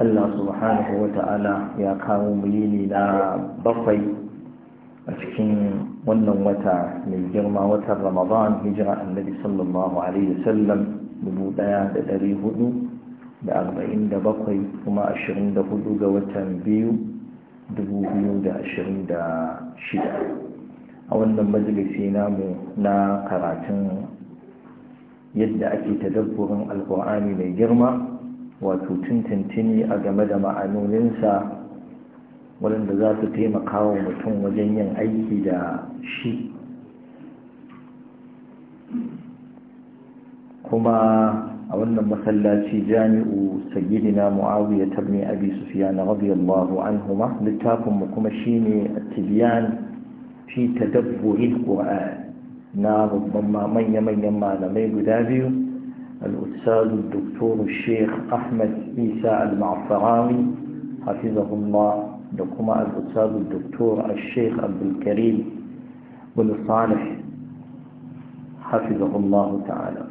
Allah subhanahu wa ta'ala ya kawo mu na bakwai a cikin wannan wata mai girma watan Ramadan hijira annabi sallallahu alaihi wasallam 1447 kuma 24 ga watan biyu 2026 a wannan majalisi namu na karatun yadda ake tadabburin alkur'ani mai girma wato tuntuntuni a game da ma'anoninsa waɗanda za su taimaka wa mutum wajen yin aiki da shi kuma a wannan masallaci jami'u sayyidina muawiya tabni abi sufyan radiyallahu anhuma littafin mu kuma shine at-tibyan fi tadabburi al-qur'an na babban manya manyan malamai guda biyu الأستاذ الدكتور الشيخ أحمد عيسى المعفراوي حفظه الله لكما الأستاذ الدكتور الشيخ عبد الكريم بن صالح حفظه الله تعالى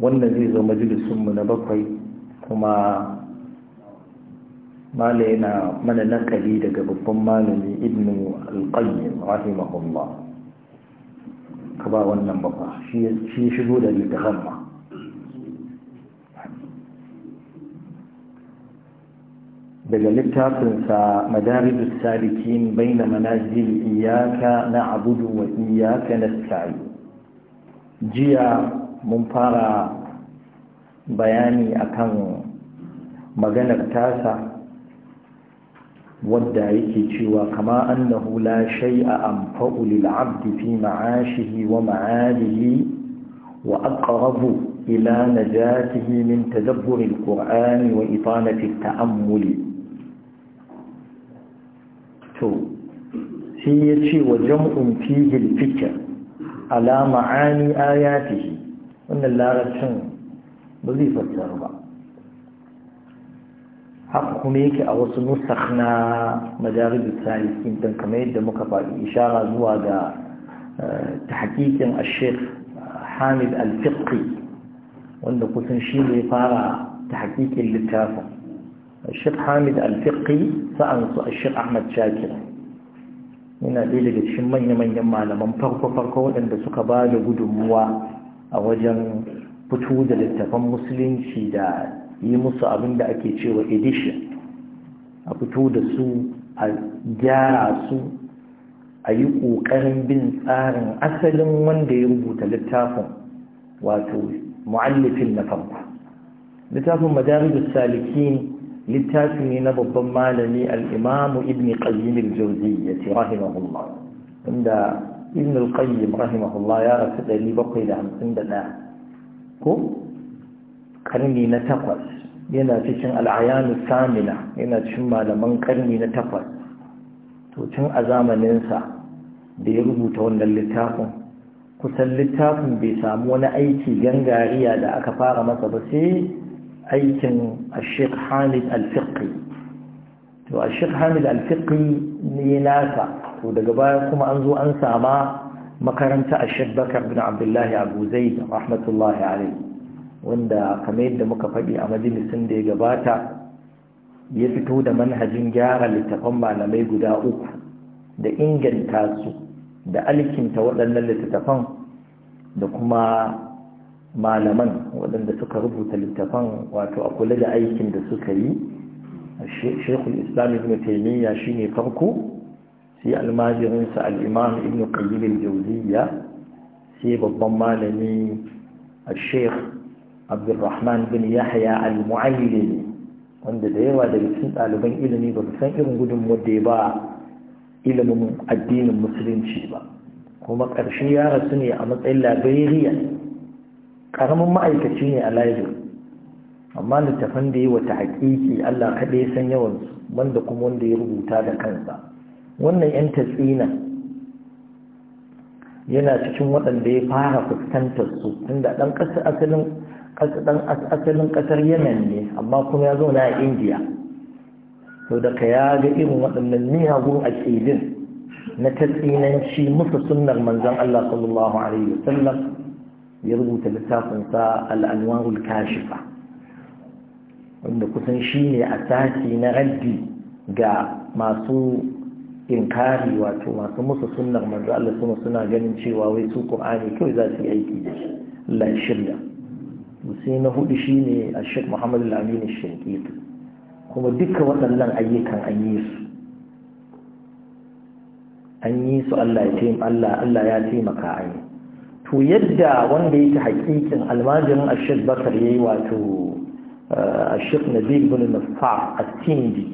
والنزيز مجلس من بقي كما ما لنا من نقلي لك مالني ابن القيم رحمه الله ka ba wannan bafa shi ya shigo da littafan daga littafinsa madarijus salikin baina manazil iyaka na abudu wa iyaka na sa'i jiya mun fara bayani akan maganar tasa wadda yake cewa kama annahu la shay'a a lil 'abdi fi ma'ashihi wa ma'alihi wa aqrabu ila najatihi min tadabbur al wa italati taammuli to shi yace wa jam'un fihi al ala ma'ani ayatihi wannan larabcin ba zai fassara ba haka kuma yake a wasu nusakh na majalis salihin dan kamar yadda muka faɗi ishara zuwa ga eh, tahqiqin ash-shaykh Hamid al wanda kusan shi ne fara hakikin littafin ash Hamid al sa'ansu sa'an su Ahmad Shakir yana ɗaya daga cikin manya-manyan malaman farko-farko waɗanda suka ba da gudunmuwa a wajen fito da littafan musulunci da yi musu abin da ake cewa edition a fito da su a gyara su a yi ƙoƙarin bin tsarin asalin wanda ya rubuta littafin wato mu'allifin na farko littafin madarij salikin littafi ne na babban malami al-imamu ibn qayyim al-jawziyya rahimahullah inda ibn al-qayyim rahimahullah ya rasu 751 ko karni na takwas yana cikin al'ayanu samina yana cikin malaman karni na takwas to cin a zamaninsa da ya rubuta wannan littafin kusan littafin bai samu wani aiki gangariya da aka fara masa ba sai aikin ashik hamid alfiqi to ashik hamid alfiqi ne nasa to daga baya kuma an zo an sama makaranta ashik bakar bin abdullahi abu zaid rahmatullahi alaihi wanda kamar yadda muka faɗi a majalisun da ya gabata ya fito da manhajin gyara littafan malamai guda uku da inganta su da alkinta waɗannan littattafan da kuma malaman waɗanda suka rubuta littafan wato a kula da aikin da suka yi shekul islam ibn taimiyya shi ne farko sai almajirinsa al'imam ibn qayyim al sai babban malami a sheikh abdulrahman bin yahya al-mu'ayyili wanda da yawa daga cikin ɗaliban ilimi ba san irin gudun da ya ba ilimin addinin musulunci ba kuma ƙarshen ya rasu ne a matsayin labariya ƙaramin ma'aikaci ne a laibir amma littafan da yi wata haƙiƙi allah kaɗai ya san yawan wanda kuma wanda ya rubuta da kansa wannan 'yan tatsina yana cikin waɗanda ya fara fuskantar su tunda ɗan ƙasa asalin asalin ƙasar yemen ne amma kuma ya zauna a indiya to da ka ya ga irin waɗannan miyagun aƙidin na tatsinanci musu sunnar manzon Allah sallallahu alaihi wasallam ya rubuta littafinsa al'anwarul kashifa wanda kusan shi ne a sati na raddi ga masu inkari wato masu musu sunnar manzan Allah suna ganin cewa wai su ƙurani kawai za su yi aiki da shi Allah shirya sai na hudu shine a shek muhammadu lamini shinkitu kuma duka waɗannan ayyukan an yi su an yi su allah ya taimaka an yi to yadda wanda yake hakikin almajirin ashir bakar ya yi wato na eh, nabil bin nufa a tindi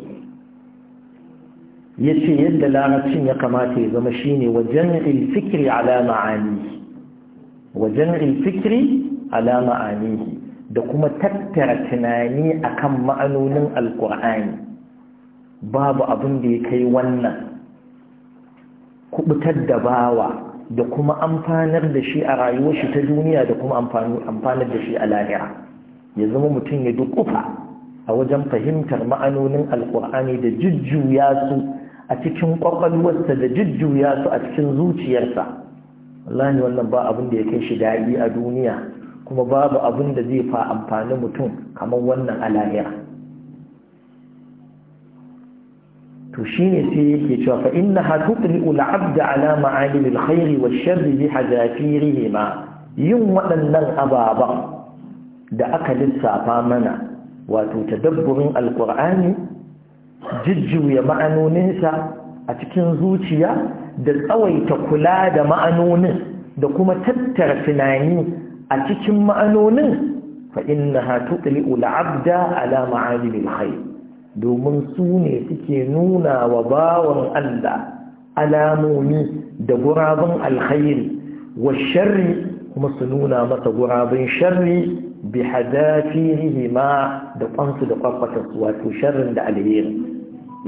ya ce yadda larabcin ya kamata ya zama shine wajen ilfikiri ala ma'ani wajen ilfikiri ala ma'anihi da kuma tattara tunani akan ma'anonin alkur'ani babu abin da ya kai wannan kubutar da bawa da kuma amfanar da shi a rayuwar shi ta duniya da kuma amfanar da shi a lahira ya zama mutum ya dukufa a wajen fahimtar ma'anonin alkur'ani da jujjuya su a cikin kwakwalwarsa da jujjuya su a cikin zuciyarsa wallahi wannan ba abin da ya kai shi daɗi a duniya kuma babu abin da zai fa amfani mutum kamar wannan alahira to shine sai yake cewa fa innaha tutli'u al-'abda 'ala ma'alim al-khair wa sharri bi yin waɗannan ababan da aka lissafa mana wato tadabburin alqur'ani jijjuya ma'anoninsa a cikin zuciya da tsawaita kula da ma'anonin da kuma tattara tunani a cikin ma'anonin fa innaha tutli'u al-'abda ala ma'alimil khair domin su ne suke nuna wa bawan Allah alamomi da guraben alhairi wa sharri kuma su nuna masa guraben sharri bi hadafirihi ma da kwansu da su wato sharrin da alheri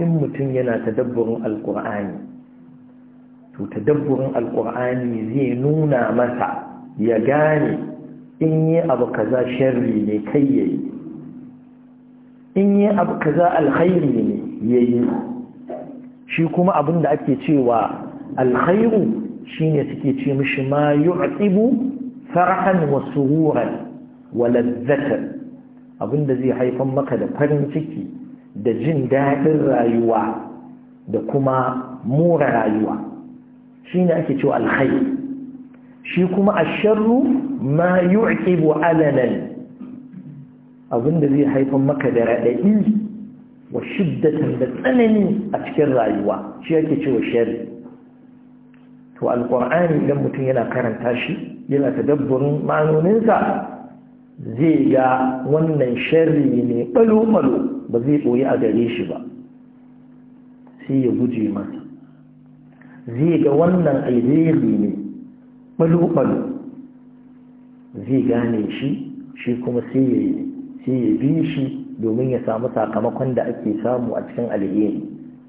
in mutum yana tadabburin alkur'ani to tadabburin alkur'ani zai nuna masa ya gane in yi abu kaza sharri ne kai yayi in yi abu alkhairi ne yayi shi kuma abin da ake cewa alkhairu shine suke ce mishi ma yu'tibu farhan wa sururan wa abin da zai haifan maka da farin ciki da jin daɗin rayuwa da kuma mura rayuwa shine ake cewa alkhair shi kuma asharru ma yu'qibu alalan abinda zai haifan maka da raɗaɗi, wa shiddatan da tsanani a cikin rayuwa shi yake cewa sharri to alqur'ani idan mutum yana karanta shi yana tadabburin ma'anoninsa zai ga wannan sharri ne balo ba zai ɓoye a gare shi ba sai ya guje masa zai ga wannan alheri ne ɓalo zai gane shi shi kuma sai ya bi shi domin ya samu sakamakon da ake samu a cikin alheri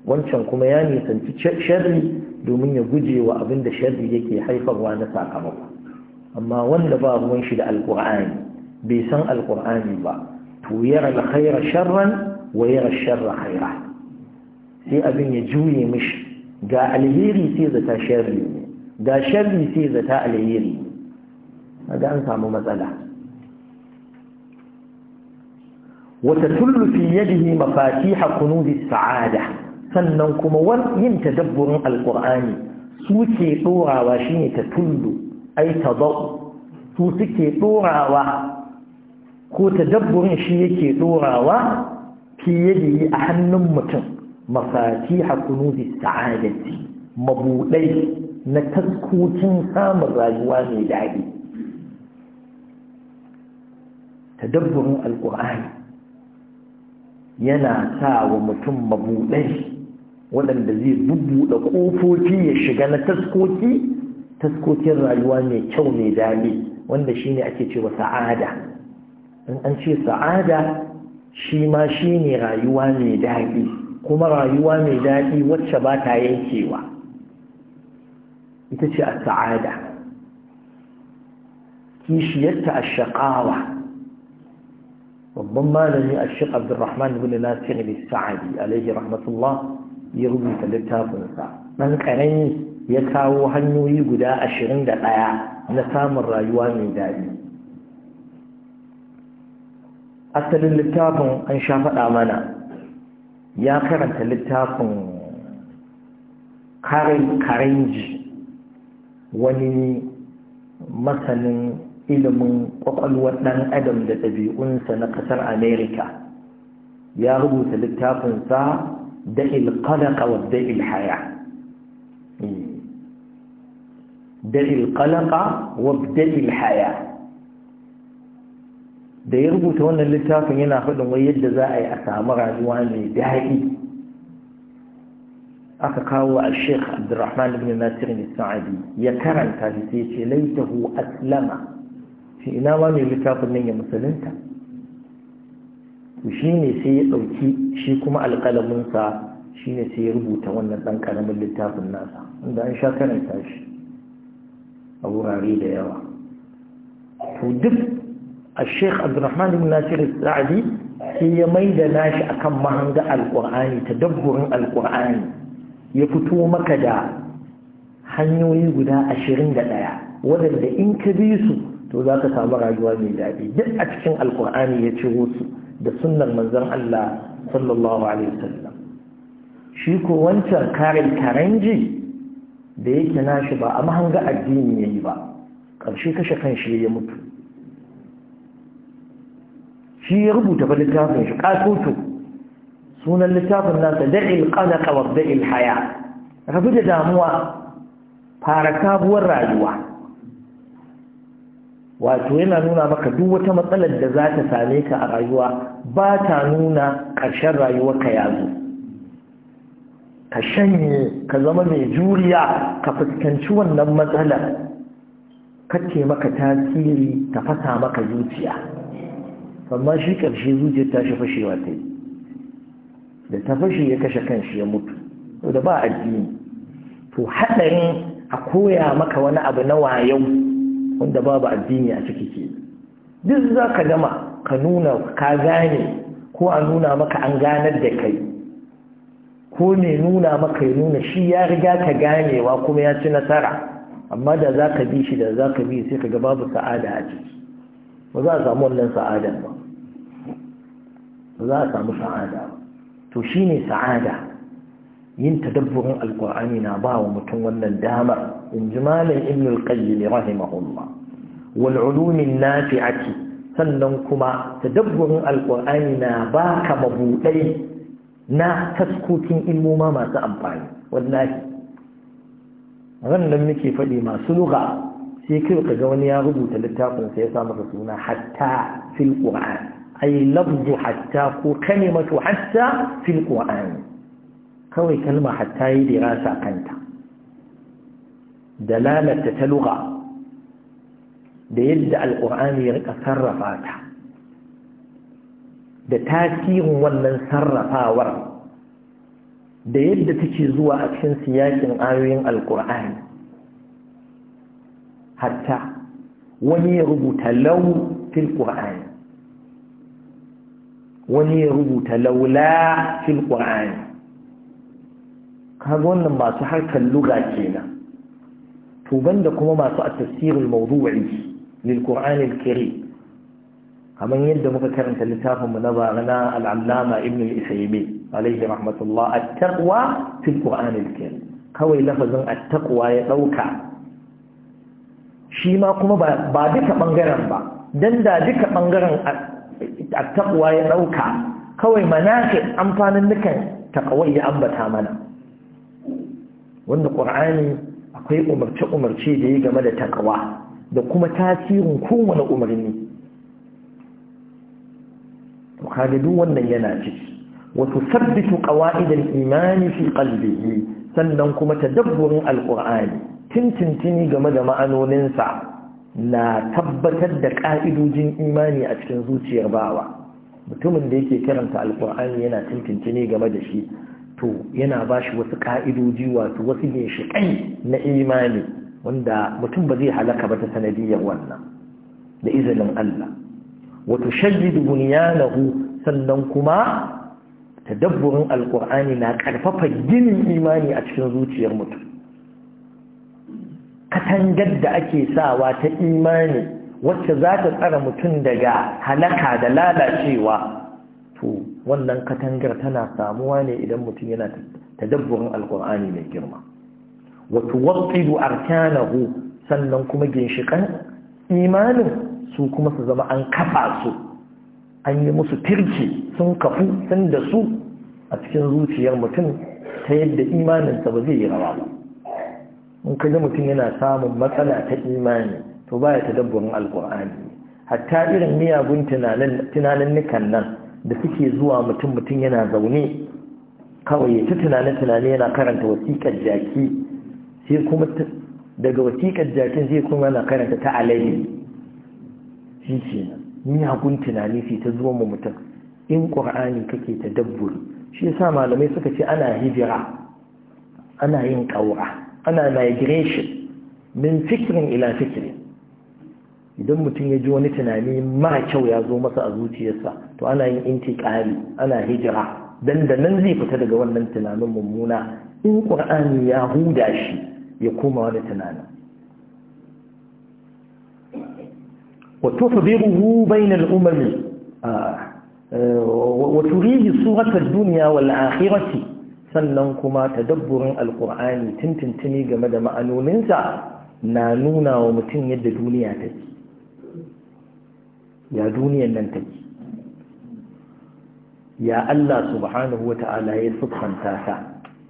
wancan kuma ya nisanci sharri domin ya guje wa abin da sharri yake haifarwa na sakamako amma wanda ba ruwan shi da alkur'ani bai san alkur'ani ba to yara alkhaira sharran wa yara sharra khaira sai abin ya juye mishi ga alheri sai zata sharri ga sharri sai zata alheri kaga an samu matsala wata tatullu fi yadihi mafatiha kunuzis sa'ada sannan kuma yin tadabburin alqur'ani suke dorawa ta tullu ai tadau su suke dorawa ko tadabburin shi yake dorawa fi yadihi a hannun mutum mafatiha kunuzis sa'adati mabudai na taskocin samun rayuwa mai daɗi tadabburin alƙur'ani yana sa wa mutum mabuɗai waɗanda zai bubbuɗe ƙofofi ya shiga na taskoki taskokin rayuwa mai kyau mai daɗi wanda shine ake cewa sa'ada in an ce sa'ada shi ma shi ne rayuwa mai daɗi kuma rayuwa mai daɗi wacce ba ta yankewa ita ce a sa'ada kishiyarta a shaƙawa babban malami a shi abdurrahman ibn nasir al-sa'adi alaihi rahmatullah ya rubuta littafinsa ɗan ƙarami ya kawo hanyoyi guda ashirin da ɗaya na samun rayuwa mai daɗi asalin littafin an sha faɗa mana ya karanta littafin karin karenji wani masanin ilimin kwakwalwar ɗan adam da ɗabi'unsa na ƙasar amerika ya rubuta littafinsa da ilkalaka wa da ilhaya eh. da ilkalaka wa da ilhaya da ya rubuta wannan littafin yana faɗin wai yadda za a yi a samu rayuwa mai daɗi aka kawo al-sheikh abdurrahman ibn nasir al ya karanta shi sai ce laitahu aslama shi ina ma mai littafin nan ya musulunta to ne sai ya dauki shi kuma alƙalamin sai ya rubuta wannan dan littafin nasa inda an sha karanta shi a wurare da yawa to duk al-sheikh abdurrahman ibn nasir al sai ya maida nashi akan mahanga al-qur'ani tadabburin al-qur'ani ya fito maka da hanyoyi guda ashirin da ɗaya waɗanda in ka bi su to za ka samu rayuwa mai daɗi duk a cikin alkur'ani ya ciro su da sunnar manzon Allah sallallahu alaihi wasallam shi ko wancan karin karanji da yake nashi ba a mahanga addini yayi ba ƙarshe kashe kanshi ya mutu shi ya rubuta ba littafin shi ƙatoto sunan littafin nasa da'il qanaka wa da'il haya rabu da damuwa fara sabuwar rayuwa wato yana nuna maka duk wata matsalar da za ta same ka a rayuwa ba ta nuna ƙarshen rayuwarka ya zo ka shanye ka zama mai juriya ka fuskanci wannan matsalar Ka maka tasiri ta fasa maka zuciya amma shi ƙarshe zuciyar ta shi fashewa ta yi da ta fashe ya kashe kanshi ya mutu da ba addini to haɗarin a koya maka wani abu na wayau wanda babu addini a ciki ke duk za ka gama ka nuna ka gane ko a nuna maka an ganar da kai ko ne nuna maka ya nuna shi ya riga ka ganewa kuma ya ci nasara amma da za ka bi shi da za ka bi sai ka ga babu sa'ada a ciki ba za a samu wannan sa'ada ba ba za a samu sa'ada ba to shine sa'ada yin tadabburin Alƙur'ani na ba wa mutum wannan damar in ji malam ibn al-qayyim rahimahullah wal ulumin nafi'ati sannan kuma tadabburin Alƙur'ani na baka mabudai na taskokin ilmoma masu amfani wallahi ran muke faɗi masu lura, sai kai ka ga wani ya rubuta littafin sai ya sa masa suna hatta fil qur'an ai lafzu hatta ko kalimatu hatta fil qur'ani kawai kalma hatta yi dirasa kanta dalalata ta lugha da yadda alqur'ani ya rika sarrafa ta da tasirin wannan sarrafawar da yadda take zuwa a cikin siyakin ayoyin alkur'ani hatta wani ya rubuta lau fil qur'ani wani ya rubuta laula fil qur'ani kaga wannan masu harkar lugha kenan to banda kuma masu at-tafsirul mawdu'i lil qur'ani al kamar yadda muka karanta littafin mu na barana al-allama ibn al-isaymi alayhi rahmatullah at-taqwa fil qur'ani al kawai lafazin at-taqwa ya dauka shi ma kuma ba duka bangaren ba dan da duka bangaren taqwa ya ɗauka, kawai ke amfanin nukan takawai ya ambata mana wanda qur'ani akwai umarce umarce da ya game da takawa, da kuma tasirin kowane umarni to wannan yana ciki wa sabbitu qawaid imani iman fi qalbihi sannan kuma ta dabburin qurani tintintini game da ma'anoninsa na tabbatar da ƙa'idojin imani a cikin zuciyar bawa mutumin da yake karanta alkur'ani yana tuntunce ne game da shi to yana ba shi wasu ka'idoji wato wasu ginshiƙai na imani wanda mutum ba zai halaka ba ta sanadiyar wannan da izinin Allah wato shajidu bunyanahu sannan kuma tadabburin alkur'ani na ƙarfafa ginin imani a cikin zuciyar mutum katangar da ake sawa ta imani wacce za ta tsara mutum daga halaka da lalacewa to wannan katangar tana samuwa ne idan mutum yana ta tadabburin alkur'ani mai girma wato waqidu arkanahu sannan kuma ginshikan imanin su kuma su zama an kafa su an yi musu firki sun kafu sun da su a cikin zuciyar mutum ta yadda imaninsa ba zai yi rawa ba in kaji mutum yana samun matsala ta imani to baya tadabburin alkur'ani hatta irin miyagun tunanin nikan nan da suke zuwa mutum mutum yana zaune kawai ta tunanin tunani yana karanta wasiƙar jaki sai kuma daga wasiƙar jakin sai kuma yana karanta ta alayi shi ce miyagun tunani sai ta zuwa mu mutum in ƙur'ani kake tadabburi shi yasa malamai suka ce ana hijira ana yin ƙaura ana migration min fikirin ila fikirin idan mutum ya ji wani tunani mara kyau ya zo masa a zuciyarsa to ana yin ƙari, ana hijira dan da nan zai fita daga wannan tunanin mummuna in ƙur'ani ya huda shi ya koma wani tunanin wa tufdiruhu bainal umami wa turihi surata ad-dunya wal akhirati sannan kuma tadabburin alkur'ani tuntuntuni game da ma'anoninsa na nuna wa mutum yadda duniya take ya duniyan nan take ya Allah subhanahu wa ta'ala ya sufanta ta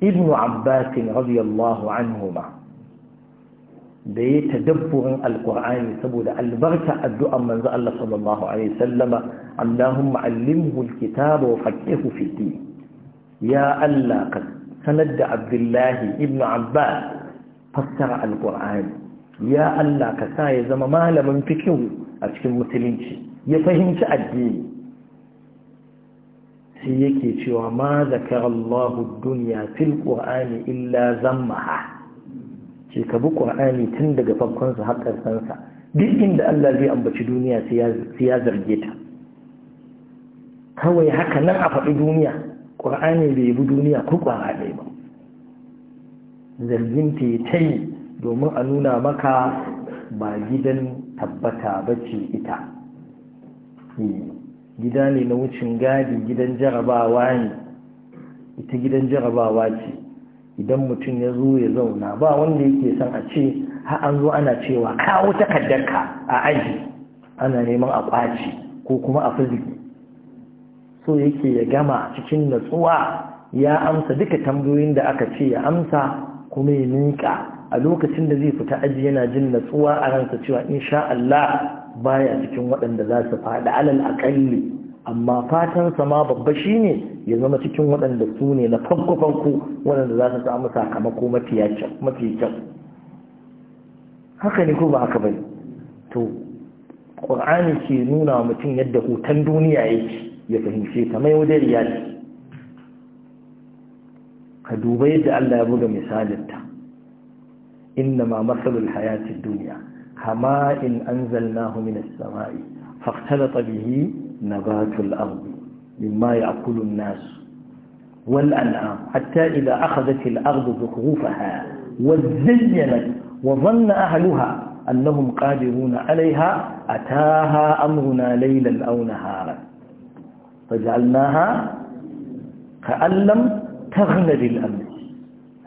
ibnu abbas radiyallahu anhuma da ya tadabburin alkur'ani saboda albarka addu'an manzo Allah sallallahu alaihi wasallama Allahumma allimhu alkitaba wa faqihu fi ya Allah ka sanar da Abdullahi ibn Abbas fassara alqur'ani ya Allah ka sa ya zama malamin fikihu a cikin musulunci ya fahimci addini sai yake cewa ma zakara Allahu duniya fil qur'ani illa zammaha ce ka bi qur'ani tun daga farkonsa sa har duk inda Allah zai ambaci duniya sai ya zarge ta kawai haka nan a faɗi duniya ƙur'ani bai bi duniya ko ƙwara ɗaya ba zargin yi domin a nuna maka ba gidan tabbata ba ce ita eh, gida ne na wucin gadi gidan jarabawa ne ita gidan jarabawa ce idan mutum ya zo ya zauna ba wanda yake son a ce har an zo ana cewa kawo takardarka a aji ana neman a ƙwace ko kuma a fiziki so yake ya gama cikin natsuwa ya amsa duka tambayoyin da aka ce ya amsa kuma ya nika a lokacin da zai fita aji yana jin natsuwa a ransa cewa insha Allah baya cikin waɗanda za su faɗi alal aƙalli amma fatansa ma babba shine ya zama cikin waɗanda su ne na farko farko waɗanda za su samu sakamako mafi kyau haka ne ko ba haka bane to ƙur'ani ke nuna mutum yadda hoton duniya yake ya fahimce ta mai wajen ce ka duba yadda Allah ya buga misalinta inna ma masalul hayatid duniya kama in anzalnahu minas sama'i faqtalata bihi nabatul ardi mimma ya'kulu an-nas wal an'am hatta idha akhadhat al-ardu zukhrufaha wa zayyanat wa dhanna ahluha annahum qadiruna 'alayha ataha amruna laylan aw naharan fajalnaha ka'allam taghna lil amr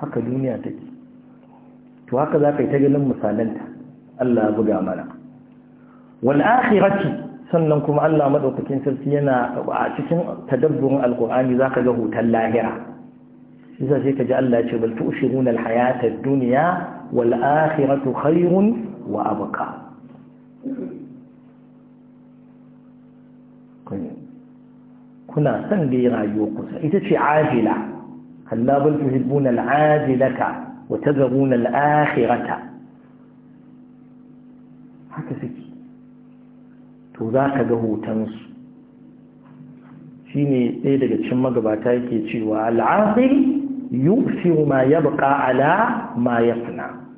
haka duniya take to haka za ka yi ta ganin misalanta Allah buga mana wal akhirati sannan kuma Allah madaukakin sarki yana a cikin tadabburin alqur'ani za ka ga hutan lahira shi sai ka ji Allah ya ce bal tu'shiruna al hayata ad-dunya wal akhiratu khairun wa abqa kuna son da ya kusa ita ce ajila kalla bal tuhibbuna al'ajilata wa tazaruna al'akhirata haka suke to za ka ga hotonsu shine ɗaya daga cikin magabata yake cewa al'aqil yuksiru ma yabqa ala ma yafna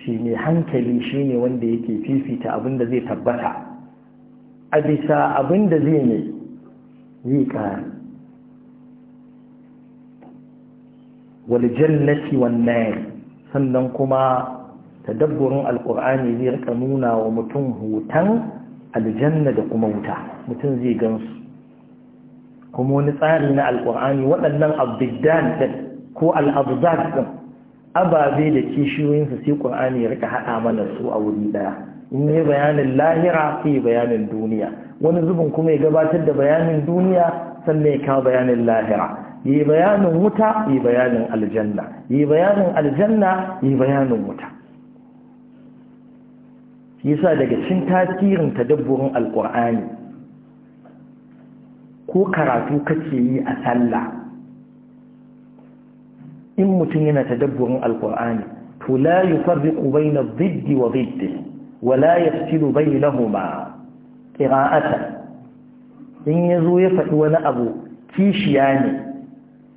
shine hankali shine wanda yake fifita abinda zai tabbata a bisa abin da zai ne zai ƙari waljannati wannan sannan kuma tadabburin alkur'ani zai rika nuna wa mutum hutan aljanna da kuma wuta mutum zai gansu kuma wani tsari na alkur'ani waɗannan abdidan ɗin ko al'abzad ababe da kishiyoyinsa sai ƙur'ani ya rika haɗa mana su a wuri ɗaya in yi bayanin lahira sai bayanin duniya wani zubin kuma ya gabatar da bayanin duniya sannan ya kawo bayanin lahira yi bayanin wuta yi bayanin aljanna yi bayanin aljanna yi bayanin wuta yasa daga cin tasirin tadabburin alkur'ani ko karatu kake yi a sallah in mutum yana tadabburin alkur'ani to la yufarriqu na dhiddi wa dhiddi wala yaftilu bainahuma qira'atan in yazo ya faɗi wani abu kishiya ne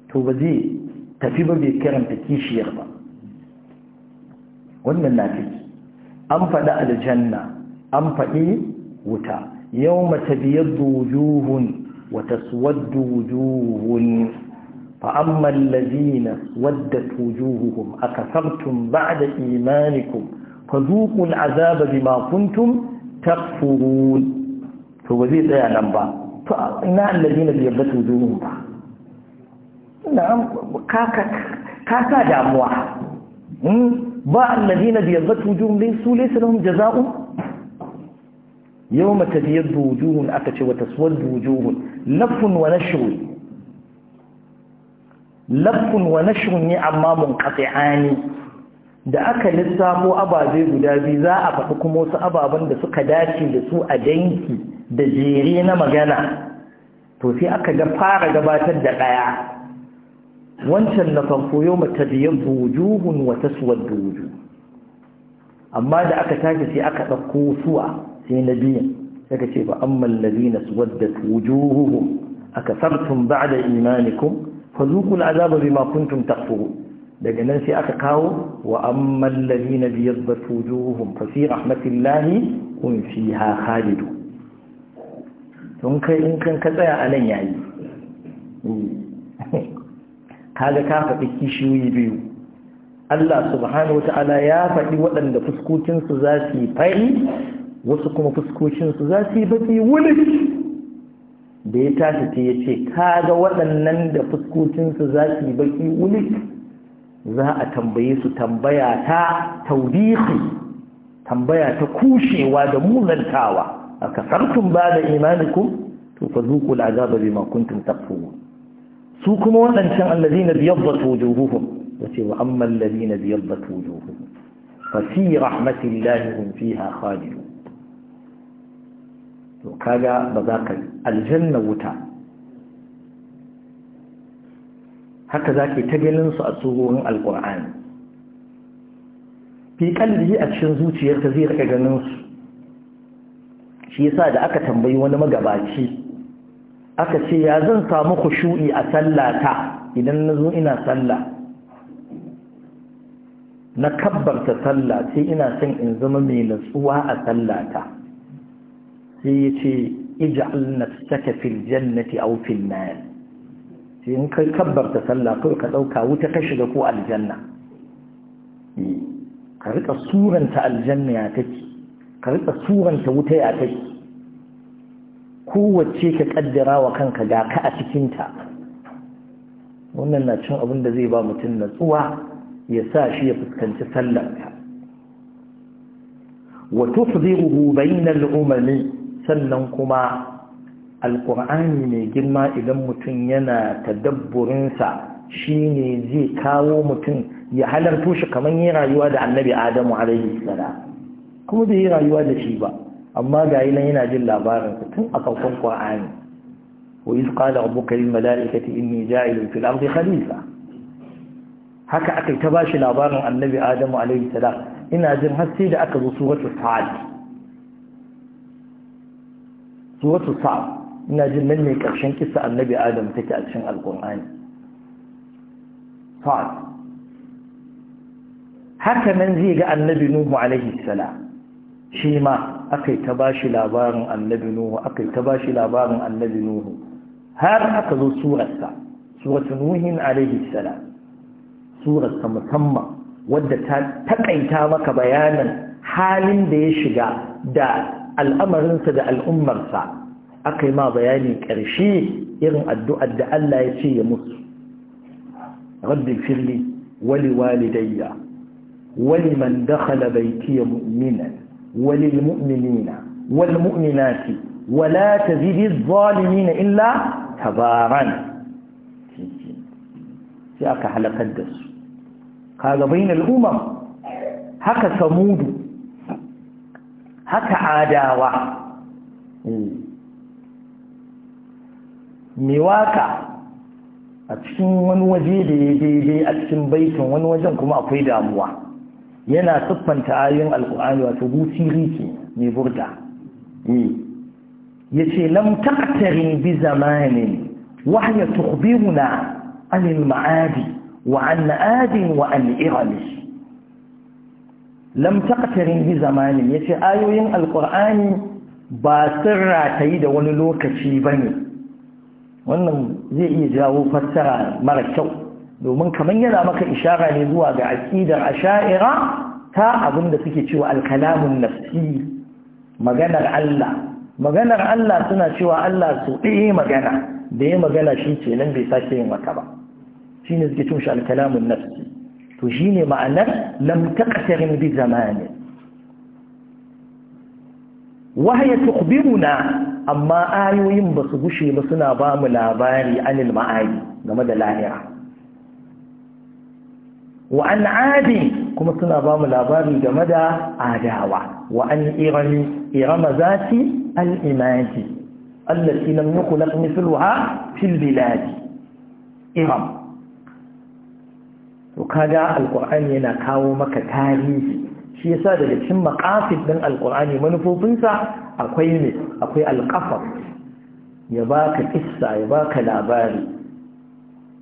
to ba zai tafi ba bai karanta kishiyar ba wannan na fiki an faɗi aljanna an faɗi wuta yau mata biyar wujuhun wata suwaddu wujuhun fa'amman lazina wadda wujuhuhum a kasartun ba da imanikum fazuƙun azaba bi makuntum ta furuun to ba zai tsaya nan ba to ina biyar batun zuwan ba na'am kaka damuwa ba allazi biyar batun zuwan dai su lai salamun jaza'un yau mata biyar zuwan aka ce wata suwar zuwan lafin wa nashirun lafin wa nashirun ne amma mun katsi ani da aka lissafo ababe guda biyu za a faɗi kuma wasu ababen da suka dace da su a danki da jere na magana to sai aka ga fara gabatar da ɗaya wancan na farko yau mata bujuhun wata suwar buju amma da aka tashi sai aka ɗauko suwa sai na biyan daga ce ba an mallabi na suwar da bujuhuhu aka sartun ba da imanikun fa zuku al'azaba bima kuntum tafuhu?" daga nan sai aka kawo wa amman ladina biyaddat wujuhum fa fi rahmatillahi hum fiha khalidu don kai in kan ka tsaya a nan yayi kaga ka faɗi kishiyoyi biyu Allah subhanahu ta'ala ya faɗi waɗanda fuskokinsu za su yi fai wasu kuma fuskokinsu za su yi baƙi wuli da ya tashi ce ya ce kaga waɗannan da fuskokinsu za su yi baƙi wuli za a tambaye su tambaya ta taubihi tambaya ta kushewa da mulantawa a kasartun ba da imanikum to fa zuku al'azaba bima kuntum takfurun su kuma waɗancan allazina biyaddat wujuhuhum wace wa amma allazina biyaddat wujuhuhum fa fi rahmatillahi hum fiha khalidun to kaga ba za ka aljanna wuta haka za ta ganin su a tsohon alkur'ani fi kalbi a cikin zuciyarta zai raka ganin su shi yasa da aka tambayi wani magabaci aka ce ya zan samu kushu'i a sallata idan na zo ina salla? na kabbarta sallah sai ina son in zama mai natsuwa a sallata sai ya ce ij'al nafsaka fil jannati aw fil nar sai in kai kabbarta sallah kawai ka ɗauka wuta ka shiga ko aljanna e, ka rika suranta aljanna ya take ka rika suranta wuta ya take kowace ka ƙaddara wa kanka ga ka a cikinta wannan na cin abin da zai ba mutum natsuwa ya sa shi ya fuskanci sallarka wa tufdiruhu bainal umami sannan kuma alƙur'ani mai girma idan mutum yana tadabburinsa shi ne zai kawo mutum ya halarto shi kamar yi rayuwa da annabi adamu alaihi sala kuma bai yi rayuwa da shi ba amma ga yi nan yana jin labarinsa tun a farkon ƙur'ani wa yi suƙala abokan yin mala'ikati inni ja'ilun fil ardi khalifa haka aka ta bashi labarin annabi adamu alaihi sala ina jin har sai da aka zo suratul sa'ad suratul sa'ad ina jin nan ne ƙarshen kisa annabi adam take a cikin alƙur'ani fa'ad haka nan zai ga annabi nuhu alaihi salam shi ma aka yi ta ba shi labarin annabi nuhu aka yi ta ba shi labarin annabi nuhu har aka zo surarsa suratun nuhin alaihi salam surarsa musamman wadda ta taƙaita maka bayanin halin da ya shiga da al'amarinsa da al'ummarsa aka yi ma bayanin ƙarshe irin addu'ar da Allah ya ce ya mutu rabbi firli wali walidayya wali man dakhala ya mu'minan wali mu'minina wal mu'minati wala ta tazidi adh na illa tabaran sai aka halakar da su kaga bainal umam haka samudu haka adawa eh. mai waka a cikin wani waje da ya daidai a cikin baitin wani wajen kuma akwai damuwa yana siffanta ayoyin alkur'ani wato busiri Riki mai burda eh. ya ce lam taktarin bi zamanin wahya tukhbiruna عن bi zamanin ya ce ayoyin لم ba sirra ta yi da wani lokaci ba ne. wannan zai iya jawo fassara mara kyau domin kamar yana maka ishara ne zuwa ga aƙidar asha'ira ta abinda da suke cewa alkalamun nafsi maganar Allah maganar Allah suna cewa Allah su ɗaya magana da ya magana shi ce nan bai sake yin wata ba shi ne suke tushe alkalamun nafsi to shi ne ma'anar lamtakasarin bi zamani wahaya tukbiruna amma ayoyin ba su gushe ba suna ba mu labari anil ma'ani game da lahira wa an adi kuma suna ba mu labari game da adawa wa an irami irama zati al'imaji allafi lam yukulak misluha fil biladi iram to kaga alkur'ani yana kawo maka tarihi shi yasa daga cikin maqasid din alqur'ani manufofinsa akwai ne akwai alqafar ya baka kissa ya baka labari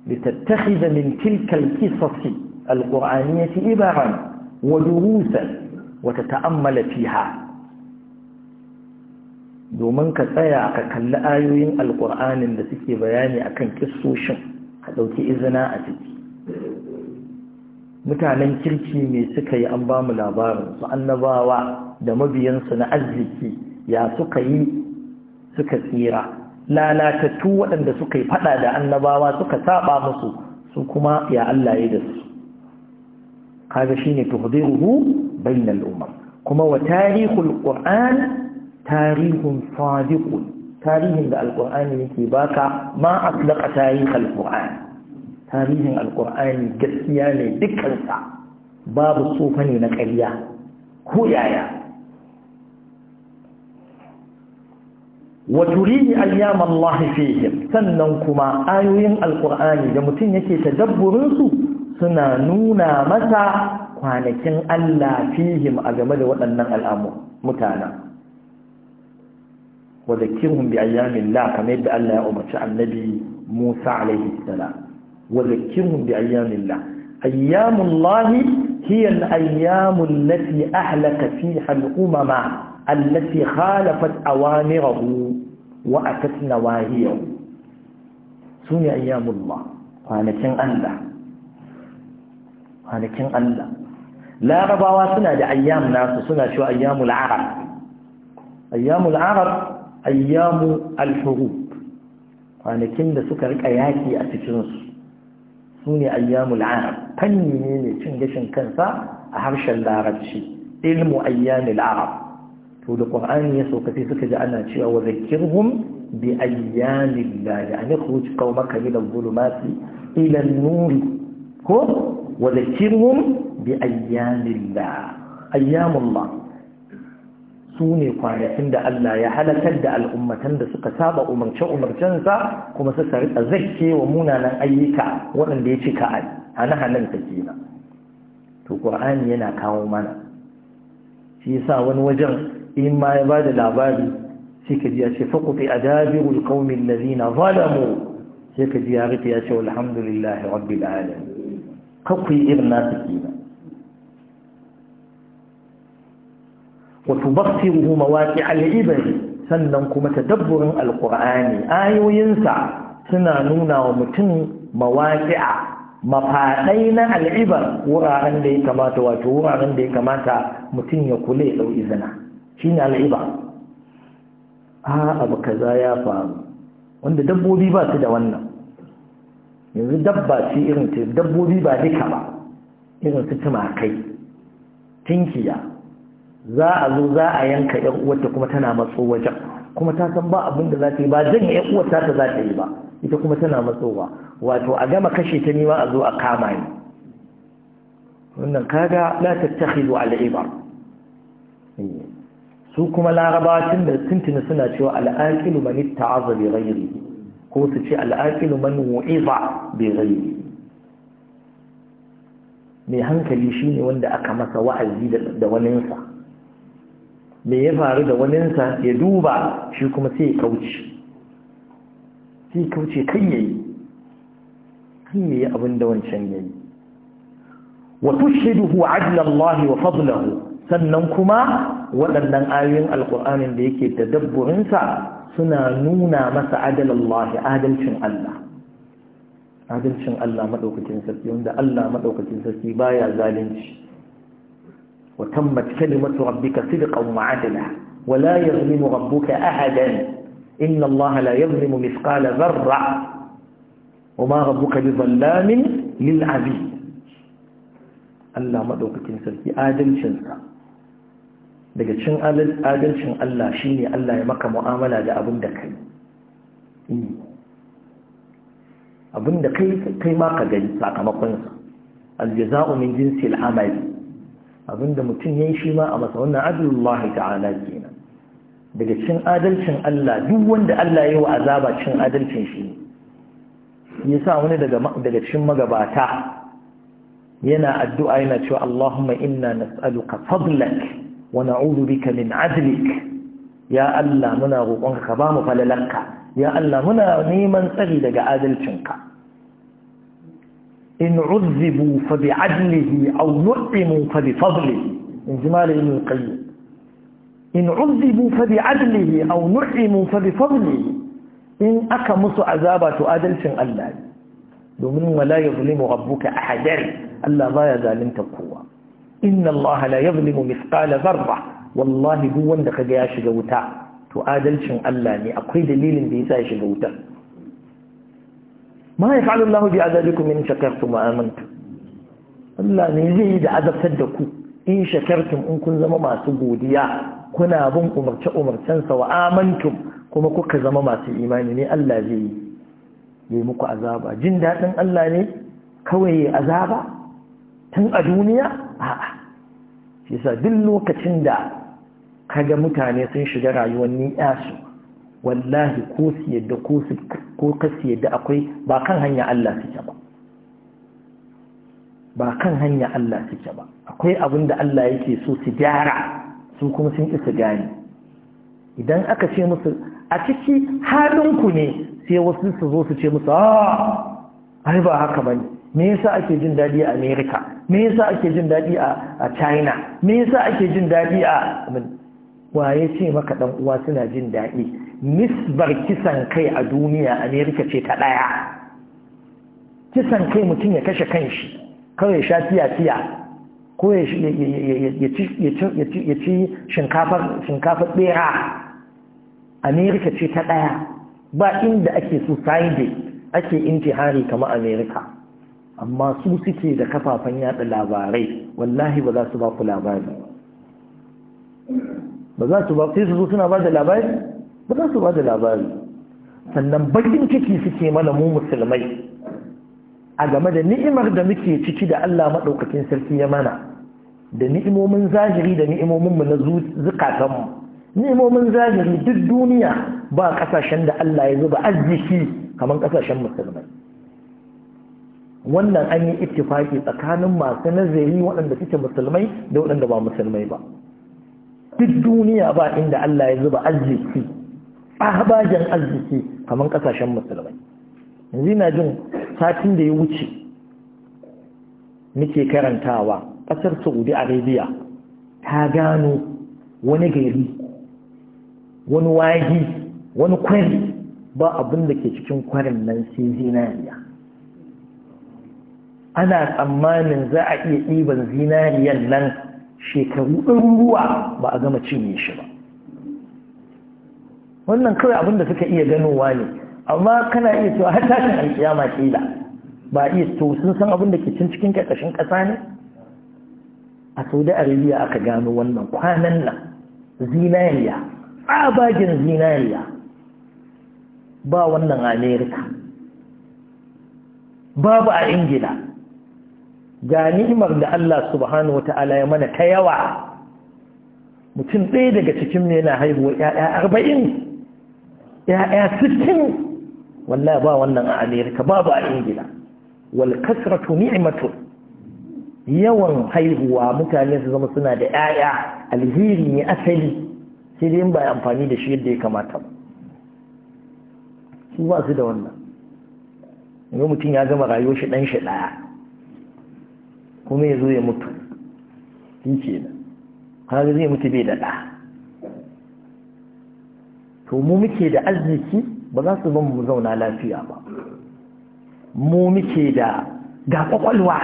litattakhidha min tilka alqisas alqur'aniyyah ibaran wa durusan wa tata'ammala fiha domin ka tsaya ka kalli ayoyin alqur'anin da suke bayani akan kissoshin ka dauki izina a ciki mutanen kirki mai suka yi an ba mu labarin su annabawa da mabiyansu na arziki ya suka yi suka tsira lalatattu waɗanda suka yi fada da annabawa suka saba musu su kuma ya Allah ya da su kaga shine tuhdiruhu bainal umam kuma wa tarihul qur'an tarihun sadiqun tarihin da alqur'ani yake baka ma aslaqa tarihul qur'an tarihin alkur'ani gaskiya ne dukkansa babu tsofa ne na ƙarya ko yaya waturihi turihi ayyam fihim sannan kuma ayoyin alkur'ani da mutum yake tadabburin su suna nuna masa kwanakin Allah fihim a game da waɗannan al'amu mutana wa bi ayyamin la kamar yadda Allah ya umarci annabi Musa alaihi salam وذكرهم بأيام الله أيام الله هي الأيام التي أهلك فيها الأمم التي خالفت أوامره وأتت نواهيه سنة أيام الله kwanakin Allah kwanakin Allah larabawa suna da ayyam nasu suna cewa ayyamul arab ayyamul arab ayyamu al-hurub kwanakin da suka rika yaki a cikinsu su ne ayyamul arab fanni ne mai cin gashin kansa a harshen larabci ilmu ayyamul arab to da qur'ani ya sauka sai suka ji ana cewa wa zakirhum bi ayyamil lahi an yakhruj qaumaka min adh-dhulumati ila an-nur ko wa zakirhum bi ayyamil lahi ayyamullah su ne kwanakin da Allah ya halakar da al'ummatan da suka saba umarce-umarcensa kuma suka rika ke wa munanan ayyuka waɗanda ya ce ka hana halanta kenan to ƙur'ani yana kawo mana shi yasa wani wajen in ma ya da labari sai ka ji ya ce faquti adabirul qaumi allazina zalamu sai ka ji ya rufe ya ce alhamdulillahi rabbil alamin kakwai irin nasu kenan وتبصره مواقع العبر sannan kuma ta tadabburin alkur'ani ayoyinsa suna nuna wa mutum mawaƙi'a mafaɗai na al'ibar wuraren da ya kamata wato wuraren da ya kamata mutum ya kula ya ɗau izina shi ne al'ibar a abu kaza ya faru wanda dabbobi ba su da wannan yanzu dabba ce irin dabbobi ba duka ba irin su tumakai tinkiya za a zo za a yanka yan uwarta kuma tana matso wajen kuma ta san ba abin da za ta yi ba janye yan uwarta ta za ta yi ba ita kuma tana matsowa wato a gama kashe ta nima a zo a kama ni wannan kaga la tattakhidu al-ibar su kuma larabawa tun da tuntuni suna cewa al-aqilu man itta'aza bi ghayrihi ko su ce al-aqilu man wu'iza bi ghayrihi mai hankali shine wanda aka masa wa'azi da waninsa me ya faru da waninsa ya duba shi kuma sai ya kauce sai kauce kan yayi kan yayi abin da wancan yayi wa tushhiduhu adla Allah wa fadlahu sannan kuma waɗannan ayoyin alƙur'anin da yake tadabburinsa suna nuna masa adalallahi adalcin Allah adalcin Allah madaukakin sarki wanda Allah madaukakin sarki baya zalunci وتمت كلمة ربك صدقا وعدلا ولا يظلم ربك أحدا إن الله لا يظلم مثقال ذرة وما ربك بظلام للعبيد الله ما دوك تنسل في آدل شنزع لقد شن آدل آدل شن الله شيني الله يمك مؤاملة لأبن دكي أبن دكي كي ما قدل ساقم قنص الجزاء من جنس العمل abinda mutum ya yi shi ma a masa wannan abdullahi ta'ala kenan daga cin adalcin Allah duk wanda Allah ya yi wa azaba cin adalcin shi ya sa wani daga cin magabata yana addu'a yana cewa Allahumma inna ka fadlak wa na'udhu bika min adlik ya Allah muna roƙonka ka bamu falalanka ya Allah muna neman tsari daga adalcinka إن عذبوا فبعدله أو نعموا فبفضله من جمال ابن القيم إن عذبوا فبعدله أو نعموا فبفضله إن أكمس عذابة أدلس الله دومين ولا يظلم ربك أحدا الله لا يظلم تقوى إن الله لا يظلم مثقال ذرة والله دون دقا يا شجوتا تو أدلس الله أقيد ليل بيسا شجوتا ma ya Allah Allah ne zai yi da azabtar da ku in shakartum in kun zama masu godiya kuna bin umarce umarcensa wa amantum kuma kuka zama masu imani ne Allah zai yi muku azaba jin daɗin Allah ne kawai azaba tun a duniya a'a shi yasa duk lokacin da kaga mutane sun shiga rayuwar yasu. wallahi ko su yadda ko kasu yadda akwai ba kan hanya Allah suke ba ba kan hanya Allah suke ba akwai abin da Allah yake so su gyara su kuma sun isa gani idan aka ce musu a ciki halinku ne sai wasu su zo su ce musu ah, ai ba haka bane me yasa ake jin dadi a America me yasa ake jin dadi a China me yasa ake jin dadi a waye ce maka dan uwa suna jin dadi nisbar kisan kai a duniya amerika ce ta ɗaya kisan kai mutum ya kashe kanshi kawai sha tiya-tiya ko ya ci shinkafar ɓera. amerika ce ta ɗaya ba inda ake su saide ake intihari kama amerika amma su suke da kafafen yada labarai wallahi ba za su ba ku labari ba za su ba su suna ba da labari ba za su ba da labari sannan bakin ciki suke mana mu musulmai a game da ni'imar da muke ciki da Allah maɗaukakin sarki ya mana da ni'imomin zahiri da ni'imominmu na zukatanmu ni'imomin zahiri duk duniya ba ƙasashen da Allah ya zuba arziki kamar ƙasashen musulmai wannan an yi ittifaki tsakanin masu nazari waɗanda suke musulmai da waɗanda ba musulmai ba duk duniya ba inda Allah ya zuba arziki ɓabajen arziki kaman ƙasashen musulmai yanzu na jin satin da ya wuce nake karantawa ƙasar saudi arabia ta gano wani gari wani wagi wani kwari ba abin da ke cikin kwarin nan sai zinariya ana tsammanin za a iya ɗiban zinariyan nan shekaru ɗaruruwa ba a gama cinye shi ba wannan kawai abin da suka iya ganowa ne amma kana iya cewa har tashin alkiyama kila ba iya to sun san abin da ke cin cikin ƙarƙashin ƙasa ne a saudi arabia aka gano wannan kwanan nan zinariya tsabagen zinariya ba wannan a amerika babu a ingila ga ni'imar da allah subhanahu wa ta'ala ya mana ta yawa mutum ɗaya daga cikin yana haihuwa 'ya'ya arba'in ya'ya sittin wallahi ba wannan a amerika babu a ingila wal kasratu ni'matu yawan haihuwa mutane su zama suna da ya'ya alheri ne asali sai dai ba amfani da shi yadda ya kamata ba su ba su da wannan yanzu mutum ya gama rayuwar shi ɗan shi ɗaya kuma ya zo ya mutu shi ce nan har zai mutu bai da ɗaya. to mu muke da arziki ba za su ban mu zauna lafiya ba mu muke da ga kwakwalwa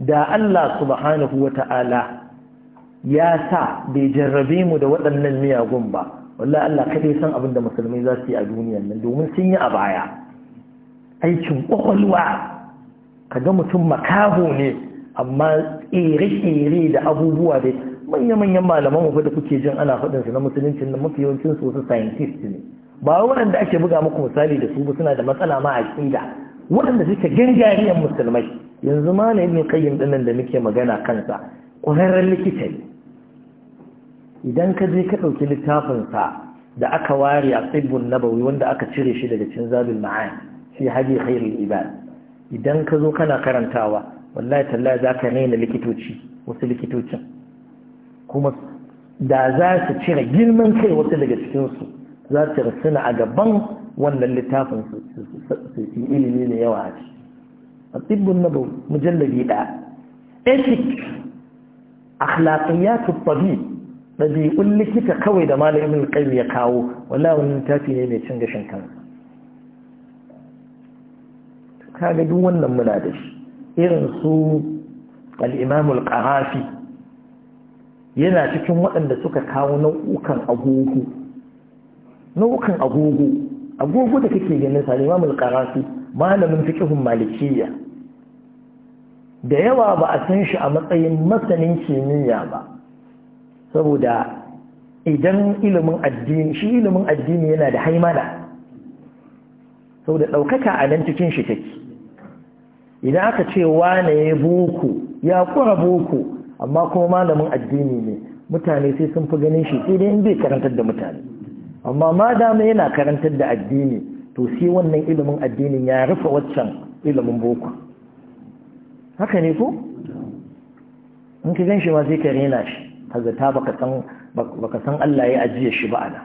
da Allah subhanahu ta'ala ya sa bai jarrabe mu da waɗannan miyagun ba wallah Allah kaɗai san abin da musulmai za su yi a duniyan nan domin sun yi a baya aikin kwakwalwa kaga mutum makaho ne amma tsere-tsere da abubuwa dai manya-manyan malaman mu da kuke jin ana faɗin su na musulunci na mafi yawancin su wasu scientist ne ba waɗanda ake buga muku misali da su ba suna da matsala ma a da waɗanda suke gangariyan musulmai yanzu ma malamin ibn qayyim dinnan da muke magana kansa ƙwararren likita ne idan ka je ka ɗauki littafin sa da aka ware a tsibbun nabawi wanda aka cire shi daga cin zabin ma'an shi hajji khairul ibad idan ka zo kana karantawa wallahi tallahi ka raina likitoci wasu likitocin kuma da za su cire girman kai wata daga cikinsu za su rasuna a gaban wannan littafin su yi ilimi da yawa a ci a tsibbin na mujallabi ɗaya ethic akhlaqiyatu tabi ɗabi'un likita kawai da malamin ibn ya kawo wala wani littafi ne mai cin gashin kansa kaga duk wannan muna da shi irin su al-imamul qarafi yana cikin waɗanda suka kawo nau'ukan agogo nau'ukan agogo agogo da kake ganin sa ne mamul qarasi malamin fiqhun malikiyya da yawa ba a san shi a matsayin masanin kimiyya ba saboda idan ilimin addini shi ilimin addini yana da haimana saboda ɗaukaka a nan cikin shi take idan aka ce wane ya boko ya kura boko amma kuma malamin addini ne mutane sai sun fi ganin shi sai dai in bai karantar da mutane amma ma dama yana karantar da addini to sai wannan ilimin addinin ya rufe waccan ilimin boko haka ne ko in ka gan shi ma sai ka rena shi hazata baka san baka san Allah ya ajiye shi ba ana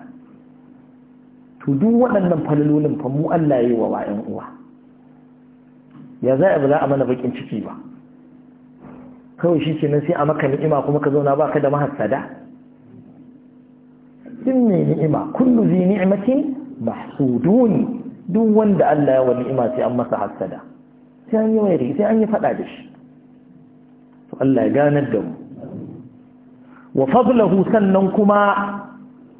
to duk waɗannan falalolin fa mu Allah ya yi wa wa'in uwa ya za'a a mana bakin ciki ba kawai shi nan sai a maka ni'ima kuma ka zauna baka da mahassada din ne ni'ima kullu zi Mahsudu ne. duk wanda Allah ya wa ni'ima sai an masa hassada sai an yi wairi sai an yi fada da shi to Allah ya ganar da mu wa fadlahu sannan kuma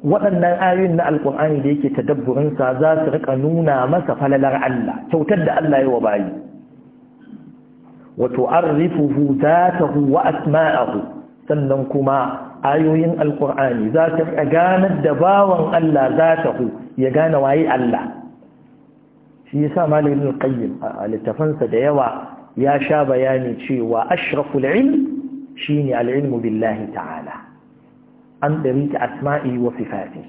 waɗannan ayoyin na alƙur'ani da yake tadabburinsa za su riƙa nuna masa falalar Allah kyautar da Allah ya wa bayi wa tu'arrifuhu zatahu wa asma'ahu sannan kuma ayoyin alkur'ani za ta gane da bawan Allah zatahu ya gane waye Allah shi yasa malamin al-qayyim a littafansa da yawa ya sha bayani cewa ashraful ilm shine al-ilmu billahi ta'ala an ta asma'i wa sifati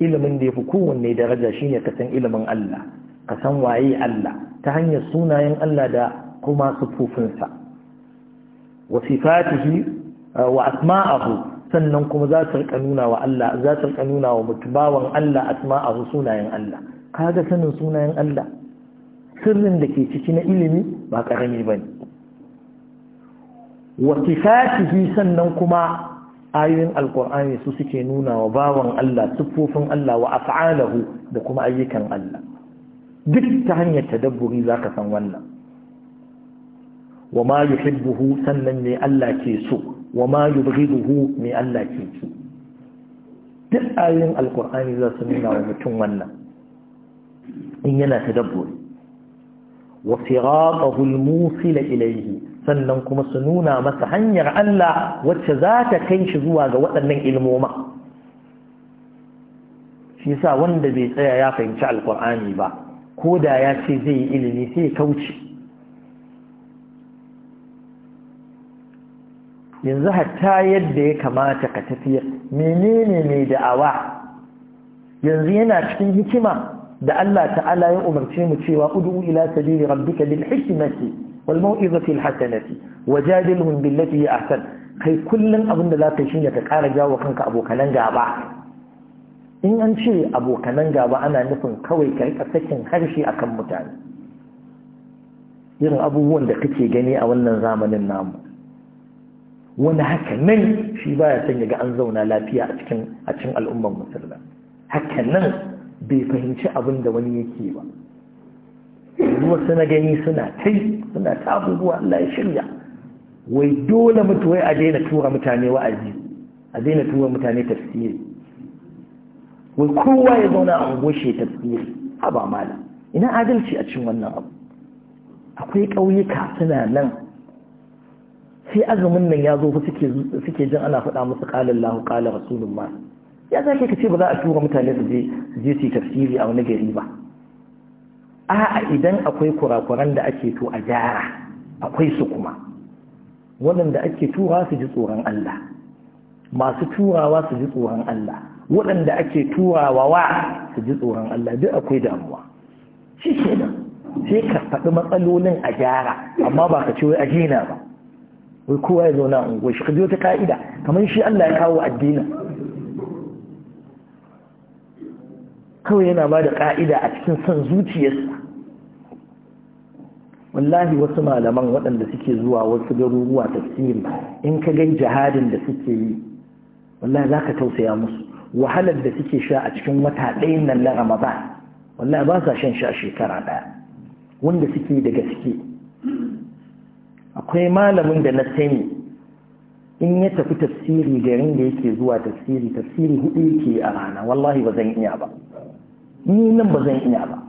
ilimin da yafi kowanne daraja shine ka san ilimin Allah ka san waye Allah ta hanyar sunayen Allah da kuma sufufinsa wa sifatihi eh, wa asma'ahu sannan kuma za su rika nuna wa Allah za su rika nuna wa mutubawan Allah asma'ahu sunayen Allah kaga sanin sunayen Allah sirrin da ke ciki na ilimi ba karami bane wa sifatihi sannan kuma ayoyin alkur'ani su suke nuna wa bawan Allah siffofin Allah wa af'alahu da kuma ayyukan Allah duk ta hanyar tadabburi zaka san wannan wa ma yuhibbuhu sannan mai Allah ke so wa ma yubghiduhu mai Allah ke so. duk ayoyin alkur'ani za su nuna wa mutum wannan in yana tadabburi wa siraqahu al-musil ilayhi sannan kuma su nuna masa hanyar Allah wacce za ta kai shi zuwa ga waɗannan ilmoma shi sa wanda bai tsaya ya fahimci alkur'ani ba ko da ya ce zai yi ilimi sai ya kauce yanzu hatta yadda ya kamata ka tafiya menene mai da'awa yanzu yana cikin hikima da Allah ta'ala ya umarce mu cewa ud'u ila sabili rabbika bil hikmati wal mau'izati al hasanati wajadilhum billati hi ahsan kai kullun abinda zaka yi shine ka ƙara jawo kanka abokanan gaba in an ce abokanan gaba ana nufin kawai ka rika sakin harshe akan mutane irin abubuwan da kake gani a wannan zamanin namu wani haka nan shi baya son ya ga an zauna lafiya a cikin a cikin al'umman musulma haka nan bai fahimci abin da wani yake ba wasu na gani suna kai suna ta abubuwa Allah ya shirya wai dole wai a daina tura mutane wa'azi a daina tura mutane tafsiri wai kowa ya zauna a goshe tafsiri a ba mala ina adalci a cikin wannan abu akwai ƙauyuka suna nan sai azumin nan ya zo suke jin ana faɗa musu ƙalin lahu ƙalin rasulun ma ya zaki ka ce ba za a tura mutane su je su je tafsiri a wani gari ba a'a idan akwai kurakuran da ake to a gyara akwai su kuma waɗanda ake tura su ji tsoron Allah masu turawa su ji tsoron Allah waɗanda ake turawa wa su ji tsoron Allah duk akwai damuwa shi nan sai ka faɗi matsalolin a gyara amma ba ka ce wai a jina ba wai kowa ya zauna unguwa shi kaji wata ka'ida kamar shi Allah ya kawo addinin kawai yana ba da ka'ida a cikin son zuciyarsa wallahi wasu malaman waɗanda suke zuwa wasu garuruwa tafsiri in ka gan jihadin da suke yi wallahi za ka tausaya musu wahalar da suke sha a cikin wata ɗayan nan na ramadan wallahi ba sa shan sha shekara ɗaya wanda suke da gaske akwai malamin da na sani in ya tafi tafsiri garin da yake zuwa tafsiri tafsiri hudu yake a rana wallahi ba zan iya ba ni nan ba zan iya ba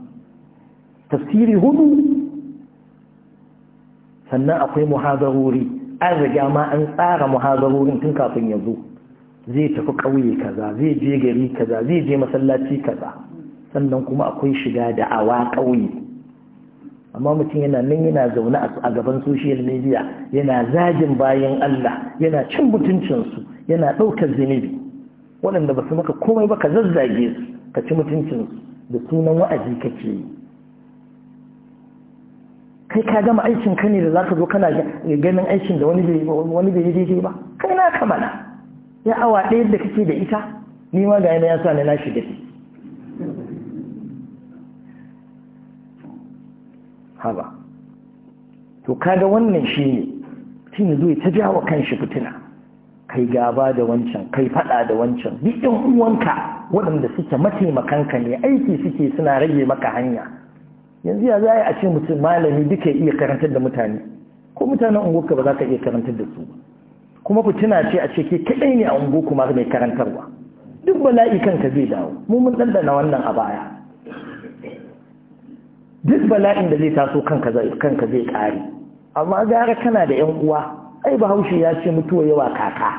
tafsiri hudu sannan akwai muhazarori an riga ma an tsara muhazarorin tun kafin ya zo zai tafi ƙauye kaza zai je gari kaza zai je masallaci kaza sannan kuma akwai shiga da awa ƙauye amma mutum yana nan yana zaune a gaban social media yana zagin bayan Allah yana cin mutuncinsu yana ɗaukar zunubi waɗanda ba su maka komai ba ka zazzage su ka ci mutuncinsu da sunan wa'azi kake yi kai ka gama aikin ka ne da za ka zo kana ganin aikin da wani bai yi daidai ba kai na kamala ya awa ɗaya da kake da ita ni ma ga yana ya sa na shiga ciki haba to kaga wannan shi ne tun yanzu ya ta jawa kanshi fitina kai gaba da wancan kai fada da wancan duk ɗan uwanka waɗanda suke mataimakanka ne aiki suke suna rage maka hanya yanzu ya za a ce mutum malami duka iya karantar da mutane ko mutanen unguwarka ba za ka iya karantar da su kuma fitina ce a ce ke kaɗai ne a unguwarku ma mai karantarwa duk bala'i kanka zai dawo mu mun ɗanɗana wannan a baya duk bala'in da zai taso kanka zai ƙare amma gara kana da ‘yan uwa ai bahaushe ya ce mutuwa yawa kaka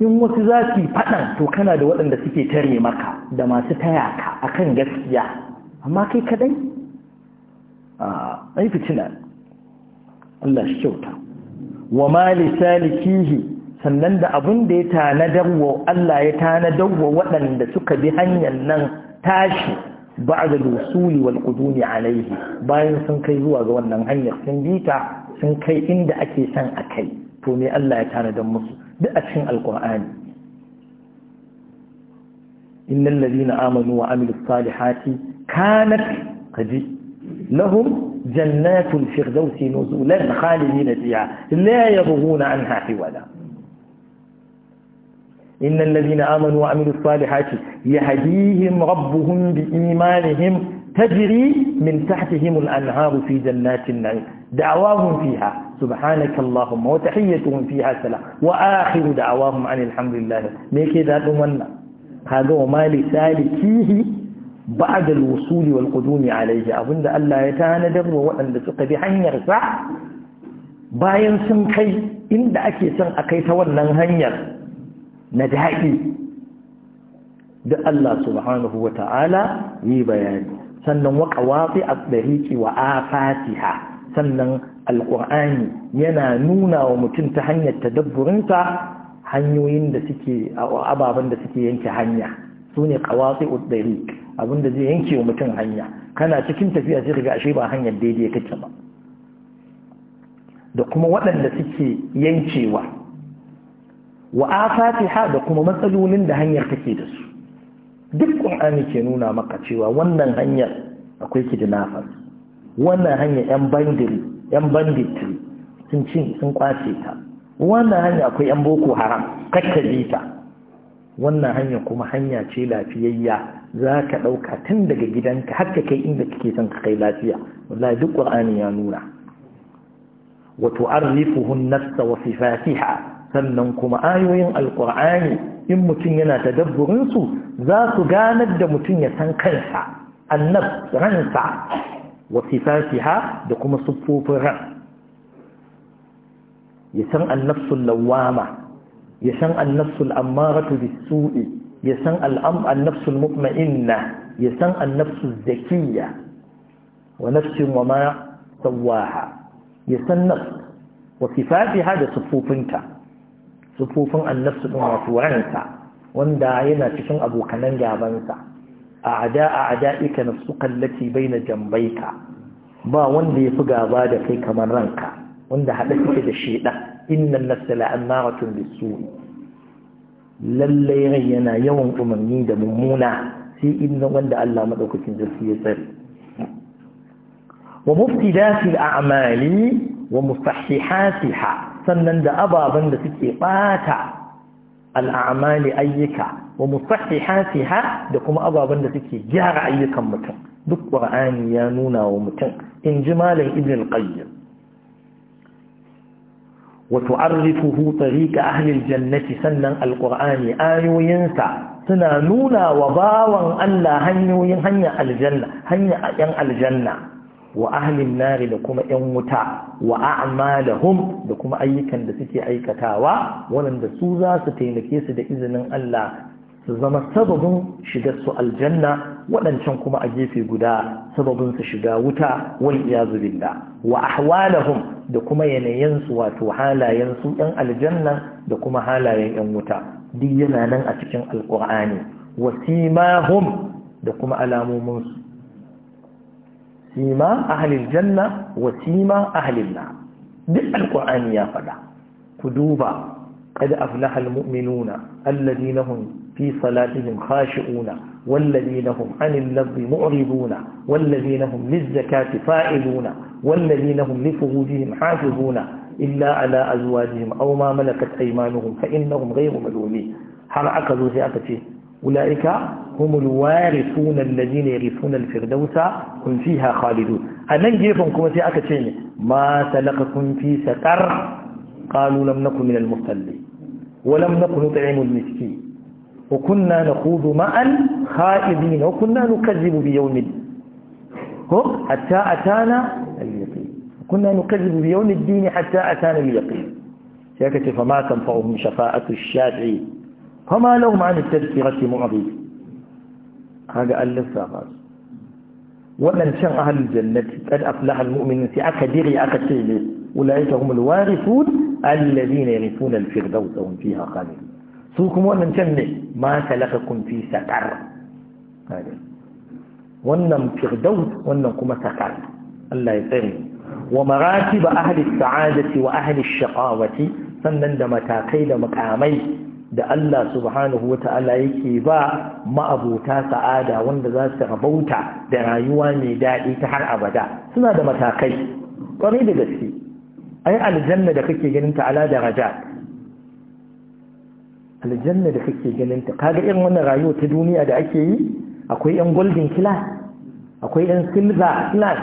in wasu za su faɗan to kana da waɗanda suke tare maka da masu taya ka akan gaskiya amma kai kadai a fitina Allah shi kyauta wa ma lisalikihi sannan da abun da ya tanadar wa Allah ya tanadar wa waɗanda suka bi hanyar nan tashi بعد الوصول والقدوم عليه باين سن كاي زوا ga wannan hanyar sun bita sun kai inda ake san akai to me Allah ya tana da musu duk a cikin alqur'ani innal ladina amanu wa amilus salihati kanat qadi lahum jannatul firdausi nuzulan khalidina fiha la yabghuna anha hawala inna allazina amanu wa amilus salihati yahdihim rabbuhum bi imanihim tajri min tahtihim al-anharu fi jannatin na'im da'awahum fiha subhanaka allahumma wa tahiyyatuhum fiha salam wa akhiru da'awahum alhamdulillah me yake daɗin dun wannan kaga wa mali salikihi ba'da al-wusul wal qudum alayhi abunda allah ya tanadar wa waɗanda suka bi hanyar sa bayan sun kai inda ake son a kai ta wannan hanyar na daɗi da Allah subhanahu wa ta'ala yi bayani sannan waka wafi a tsariki wa afatiha sannan alƙur'ani yana nuna wa mutum ta hanyar tadabburinsa hanyoyin da suke ababen da suke yanke hanya su ne ƙawafi utsari abinda zai yanke wa mutum hanya kana cikin tafiya sai riga ashe ba hanyar daidai kake ba da kuma waɗanda suke yankewa wa fatiha da kuma matsalolin da hanyar take da su duk ƙur'ani ke nuna maka cewa wannan hanyar akwai kidnappers wannan hanyar yan bandiri banditri sun cin sun kwace ta wannan hanyar akwai yan boko haram kakkaje ta wannan hanya kuma hanya ce lafiyayya za ka ɗauka tun daga gidanka har ka kai inda kake son ka kai lafiya wallahi duk ƙur'ani ya nuna Wato tu'arrifuhu nasta nafsa fatiha sannan kuma ayoyin alƙur'ani in mutum yana ta tadabburinsu za su ganar da mutum ya san kansa annab ransa wa sifatiha da kuma siffofin ran ya san annafsul lawama ya san annafsul ammaratu bisu'i ya san annafsul mutma'inna ya san annafsul Zakiya, wa nafsin wa ma sawaha ya san nafs wa sifatiha da siffofinta sufufin annafsu ɗin wato ransa wanda yana cikin abokanan gabansa a ada a ada ika nafsu kallaci bai na jambaika ba wanda ya fi gaba da kai kamar ranka wanda haɗa suke da shaiɗa innan nafsa la'ammaratun bisu lallai rai yana yawan umarni da mummuna sai inna wanda Allah maɗaukacin zarfi ya tsare wa a al'amali wa musahihatiha sannan da ababen da suke ɓata al'amali ayyuka wa musahihatiha da kuma ababen da suke gyara ayyukan mutum duk ƙur'ani ya nuna wa mutum in ji malam ibn al-qayyim wa tu'arrifuhu tariqa ahli jannati sannan al-qur'ani ayoyinsa suna nuna wa bawan Allah hanyoyin aljanna hanya yan aljanna wa ahlin nari da kuma ‘yan wuta wa a'malahum da kuma ayyukan da suke aikatawa waɗanda su za su taimake su da izinin Allah su zama sababin shigar su aljanna waɗancan kuma a gefe guda sababin su shiga wuta wal iyazu billah wa ahwalahum da kuma yanayin su wato halayen su ɗan aljanna da kuma halayen ‘yan wuta duk yana nan a cikin alƙur'ani wasimahum da kuma alamomin su sima ahlil janna wa sima ahlil na duk alkur'ani ya faɗa ku duba kada aflaha muminuna alladhina hum fi salatihim khashi'una walladhina hum 'anil lagwi mu'riduna walladhina hum liz-zakati fa'iluna walladhina hum li furujihim hafizuna إلا على أزواجهم أو ما ملكت أيمانهم فإنهم aka zo sai aka ce. أولئك هم الوارثون الذين يرثون الفردوس هم فيها خالدون أنا جيفن كما في أكتشين ما سلقكم في سكر قالوا لم نكن من المصلي ولم نكن نطعم المسكين وكنا نخوض مع الخائضين وكنا نكذب بيوم الدين حتى أتانا اليقين كنا نكذب بيوم الدين حتى أتانا اليقين سيكتف فما تنفعهم شفاعة الشافعين فما لهم عن التذكرة معرض هذا ألف أغاز ومن شرع الجنة قد أفلح المؤمنين في أكدر أكتر أولئك هم الوارثون الذين يرثون الفردوس وهم فيها خالدون سوكم ومن شرع ما سلككم في سكر هذا ونم فردوس ونم كما سكر الله يسلم ومراتب أهل السعادة وأهل الشقاوة فمن دمتا قيد مقامين da Allah subhanahu wa ta'ala yake ba ma'abota sa'ada wanda za su rabauta da rayuwa mai daɗi ta har abada suna da matakai ƙwarai da gaske ai aljanna da kake ganin ta ala daraja aljanna da kake ganin ta kaga irin wannan rayuwa ta duniya da ake yi akwai yan golden class akwai yan silver class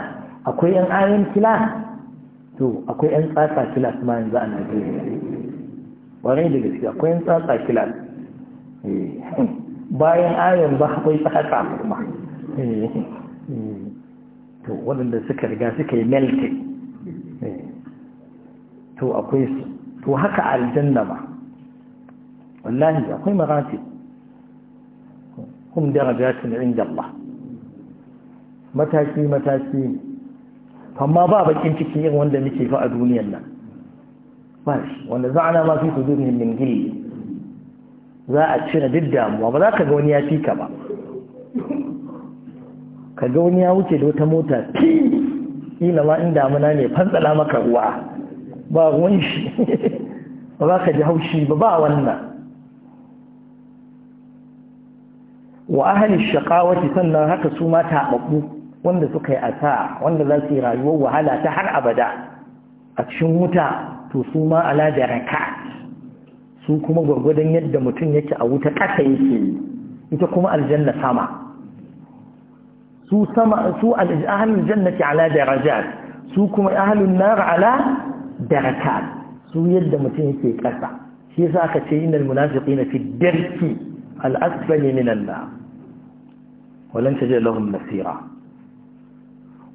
akwai yan iron class to akwai yan tsatsa class ma yanzu a Najeriya ƙwarai da gaske akwai yin tsatsa kilas eh, bayan ayon ba akwai tsatsa kuma eh, to waɗanda suka riga suka yi melting eh, to akwai su to haka aljanna ba wallahi akwai maratib hum darajatun inda ba mataki mataki amma ba bakin ciki irin wanda muke fa a duniyar nan wanda za a nama fi su zurin min gili za a cire duk damuwa ba za ka ga wani ya fi ka ba ka ga wani ya wuce da wata mota fi ina ma in damuna ne fantsala maka ruwa ba ruwan shi ba za ka ji haushi ba ba wannan wa ahalin shakawati sannan haka su ma taɓaɓɓu wanda suka yi asa wanda za su yi rayuwar wahala ta har abada a cikin wuta to su ma ala daraka su kuma gwargwadon yadda mutum yake a wuta ƙasa yake ita kuma aljanna sama su sama su ahlul jannati ala darajat su kuma ahlun nar ala darakat su yadda mutum yake ƙasa shi yasa aka ce innal munafiqina fi darki al asfali min an-nar walan tajid lahum nasira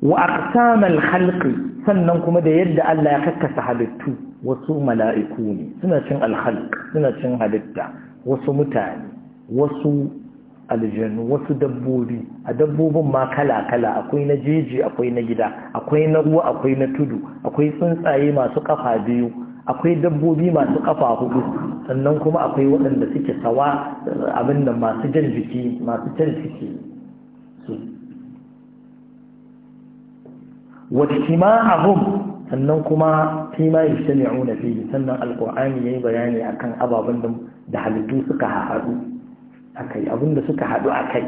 wa aqsamal khalqi sannan kuma da yadda Allah ya kakkasa halittu wasu mala'iku ne suna cin al-khalq suna cin halitta wasu mutane wasu aljanu wasu dabbobi a dabbobin ma kala-kala akwai na jeji akwai na gida akwai na ruwa akwai na tudu akwai tsuntsaye masu kafa biyu akwai dabbobi masu kafa hudu sannan kuma akwai waɗanda suke sawa abin da masu jan jiki masu jan واجتماعهم sannan kuma fi ma yajtami'una fihi sannan ya yi bayani a kan ababen da halittu suka haɗu kai abinda suka haɗu kai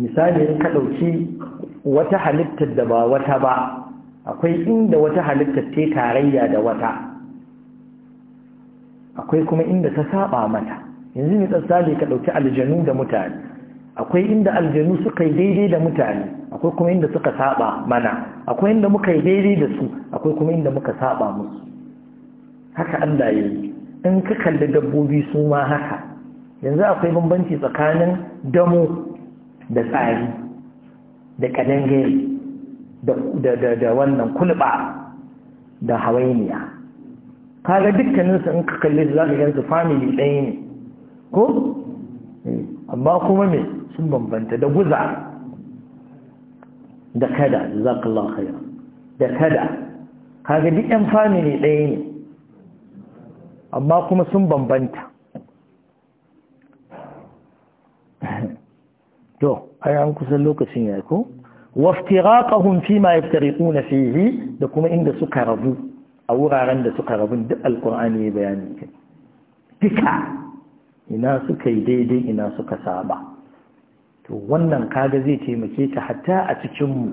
misali in ka ɗauki wata halittar da ba wata ba akwai inda wata halittar ta tarayya da wata akwai kuma inda ta saba mata yanzu misali ka ɗauki aljanu da mutane akwai inda aljanu suka yi daidai da mutane akwai kuma inda suka saba mana akwai inda muka yi daidai da su akwai kuma inda muka saba musu haka Allah ya yi in ka kalli dabbobi su ma haka yanzu akwai bambanci tsakanin damo da tsari da kadangare da wannan kulba da hawainiya kaga dukkaninsu in ka kalli za ka yanzu, famili ɗaya ne ko eh. amma kuma me sun bambanta da guza da kada jazakallahu khairan da kada kaga duk yan family ɗaya ne amma kuma sun bambanta to ai an kusan lokacin ya ko waftiraqahum ma yaftariquna fihi da kuma inda suka rabu a wuraren da suka rabu duk alqur'ani ya bayani duka ina suka yi daidai ina suka saba to wannan kaga zai taimake ta hatta a cikinmu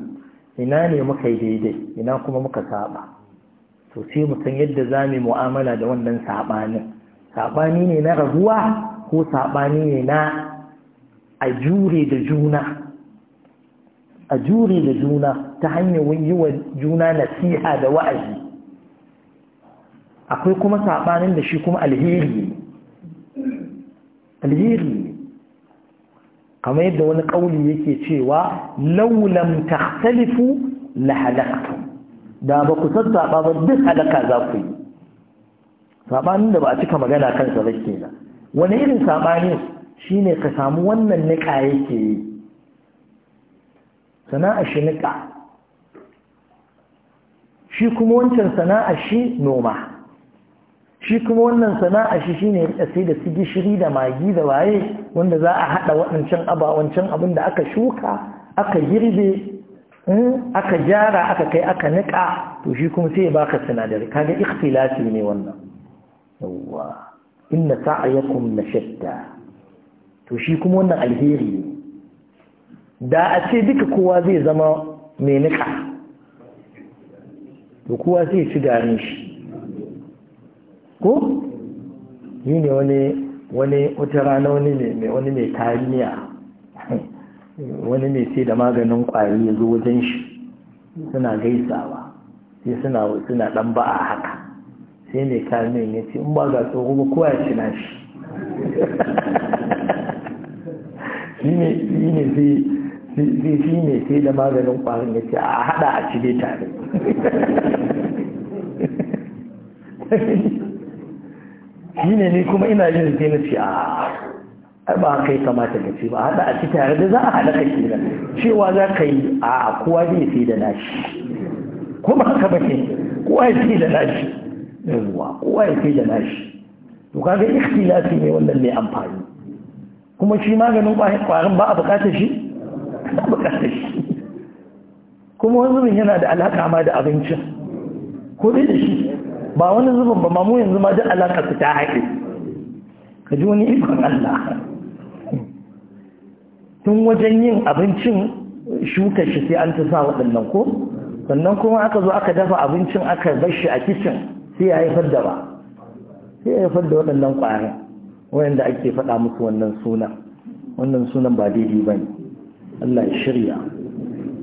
ina ne muka yi daidai ina kuma muka saba to sai mu san yadda za mu mu'amala da wannan saɓanin. sabani ne na rabuwa ko saɓani ne na a jure da juna a jure da juna ta hanyar yi wa juna nasiha da wa'azi akwai kuma saɓanin da shi kuma alheri alheri ne kamar yadda wani ƙauli yake cewa laulam takhtalifu la da ba ku sassaɓa ba duk halaka za ku yi saɓanin da ba a cika magana kansa ba kenan wani irin saɓani shine ka samu wannan niƙa yake yi sana'a shi niƙa shi kuma wancan sana'a shi noma shi kuma wannan sana'a shi shine rika sai da su gishiri da magi da waye wanda za a hada waɗancan abawancan abin da aka shuka aka girbe hmm, aka gyara aka kai aka nika to shi kuma sai ya baka sinadari kaga ikhtilafi ne wannan yawwa inna sa'yakum la shatta to shi kuma wannan alheri ne da a ce duka kowa zai zama mai nika to kowa sai ya ci garin shi ko yi ne wani wani wata rana wani mai wani mai kariya wani mai sai da maganin kwari ya zo wajen shi suna gaisawa sai suna suna dan ba a haka sai mai kariyan ya ce in ba ga tsoro ba kowa ya na shi yi ne sai shi ne sai da maganin kwari ya ce a hada a cire dai tare shi ne kuma ina jin zai na ce a ah, ba kai kamata ka ce ba a haɗa a ci tare da za a haɗa ka ke cewa za ka yi a kowa zai sai da nashi ko ba haka ba ke kowa ya sai da nashi yanzuwa kowa ya sai da nashi to kaga ikhtilafi ne wannan mai amfani kuma shi maganin kwarin ba a bukatar shi ba bukatar shi kuma wani yana da alaƙa ma da abincin ko da shi ba wani zubin ba mamu yanzu ma duk alaƙa su ta haɗe ka ji wani ikon Allah tun wajen yin abincin shuka shi sai an ta sa waɗannan ko sannan kuma aka zo aka dafa abincin aka bar shi a kicin sai ya haifar da ba sai ya haifar da waɗannan ƙwaya wayanda ake faɗa musu wannan sunan wannan sunan ba daidai ba ne Allah ya shirya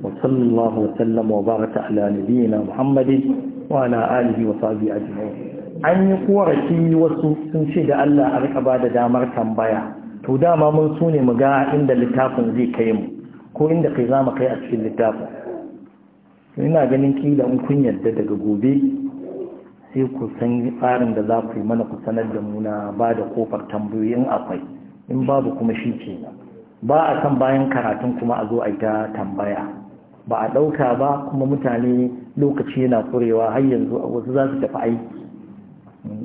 wa sallallahu wa sallam wa baraka ala nabiyyina Muhammadin alihi wa وصحبه ajma'in an yi korafi wasu sun ce da Allah a rika ba da damar tambaya to dama mun sune mu ga inda littafin zai kai mu ko inda kai za kai a cikin littafin ina ganin kila in kun yarda daga gobe sai ku san tsarin da za ku yi mana ku sanar da mu na ba da kofar tambayoyin akwai in babu kuma shi ke ba a san bayan karatun kuma a zo a ta tambaya ba a ɗauka ba kuma mutane lokaci yana kurewa har yanzu wasu za su tafi aiki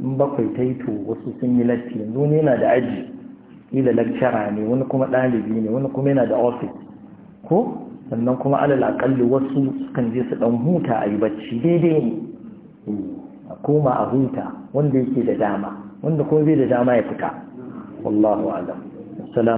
in bakwai ta yi to wasu sun yi latti yanzu wani yana da aji ila lakcara ne wani kuma ɗalibi ne wani kuma yana da ofis ko sannan kuma alal aƙalli wasu kan je su ɗan huta a yi bacci daidai ne eh, a koma a huta wanda yake da dama wanda kuma bai da dama ya fita wallahu alam